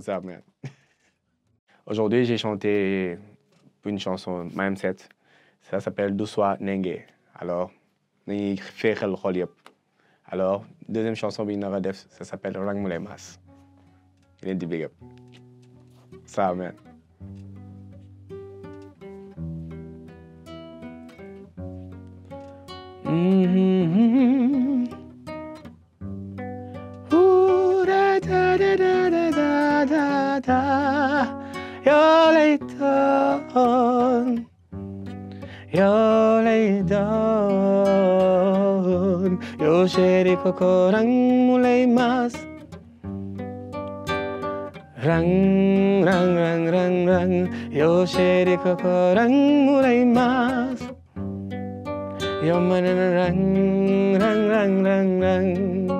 What's up, man? Aujourd'hui, j'ai chanté une chanson, set Ça s'appelle Doucement Nenge Alors, ni féexal le Alors, deuxième chanson binaradef ça s'appelle Rang Mulemas il est leen di big up. Ça, man. Mm-hmm. 마다 열리던 열리던 요새리 코코랑 몰레이마스 랑랑랑랑랑 요새리 코코랑 몰레이마스 연만에는 랑랑랑랑랑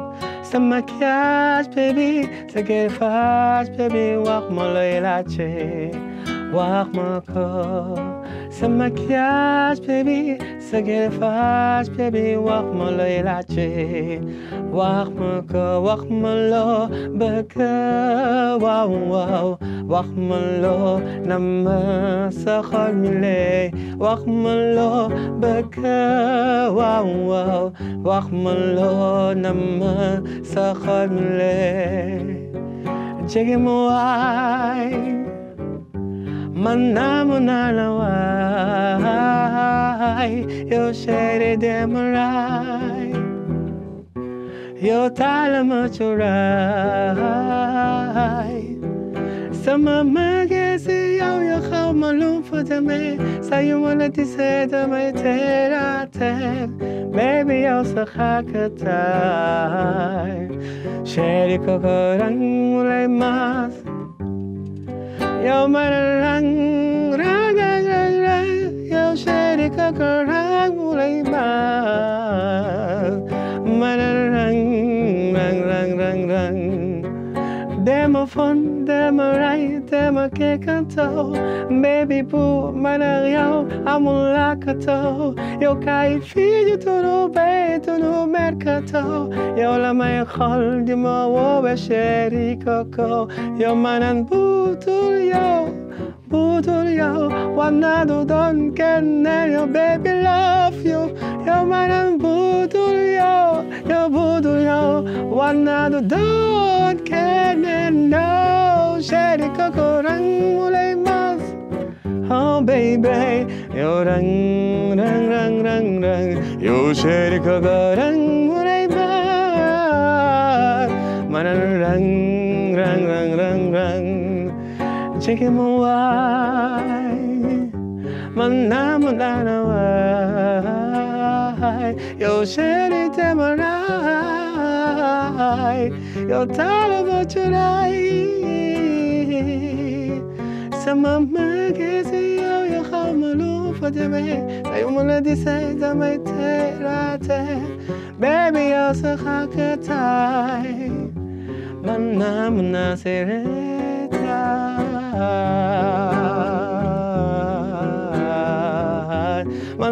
Some maquillage, baby, sa fast, baby, walk my loyalty, walk my corps. Some maquillage, baby, ça gueule baby, wax me lo lache. Wax me ko, wax me lo, beke, wow, wow. Wax me lo, nama, sa khol mile. Wax me lo, wow, wow. Wax me lo, nama, sa khol mile. Chegue mo ay, manamuna na wa vai, eu serei demorar. Eu tala maturai. Sama magesi yau yo khau malum futame. Sayu wala ti seda me tera ter. Baby yo sa khakatai. Sheri kokorang mulai mas. Yo mararang kerak mulai bang Madarang, rang, rang, rang, rang Demofon, demorai, demakekato Baby poo, manariau, amulakato Eu caí filho, tudo bem, tu no mercato Eu lamei khol, dimo, o bexericoco Eu manan butur, eu 하나도 넌 깼네요 baby love you 여만한 부들려 여부들려 완나도 넌 깼네 no 쉐리 거고랑 물에 맛 Oh baby 요랑 랑랑랑랑 요 쉐리 거고랑 물에 맛 마나랑 랑랑랑랑 제게 뭐 man na man na na wai yo sheri te marai yo tala bo churai sama ma gezi yo yo khamalu fatame ayum alladhi sayda ma terate baby yo sakhakatai man na man na sereta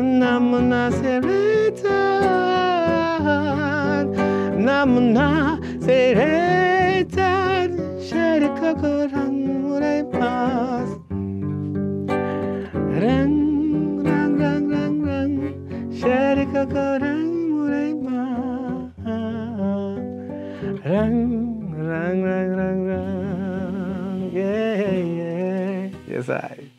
namna seretan namna seretan şarkı kuran muray pas rang rang rang rang rang şarkı kuran muray pas rang rang rang rang rang yeah yeah yes I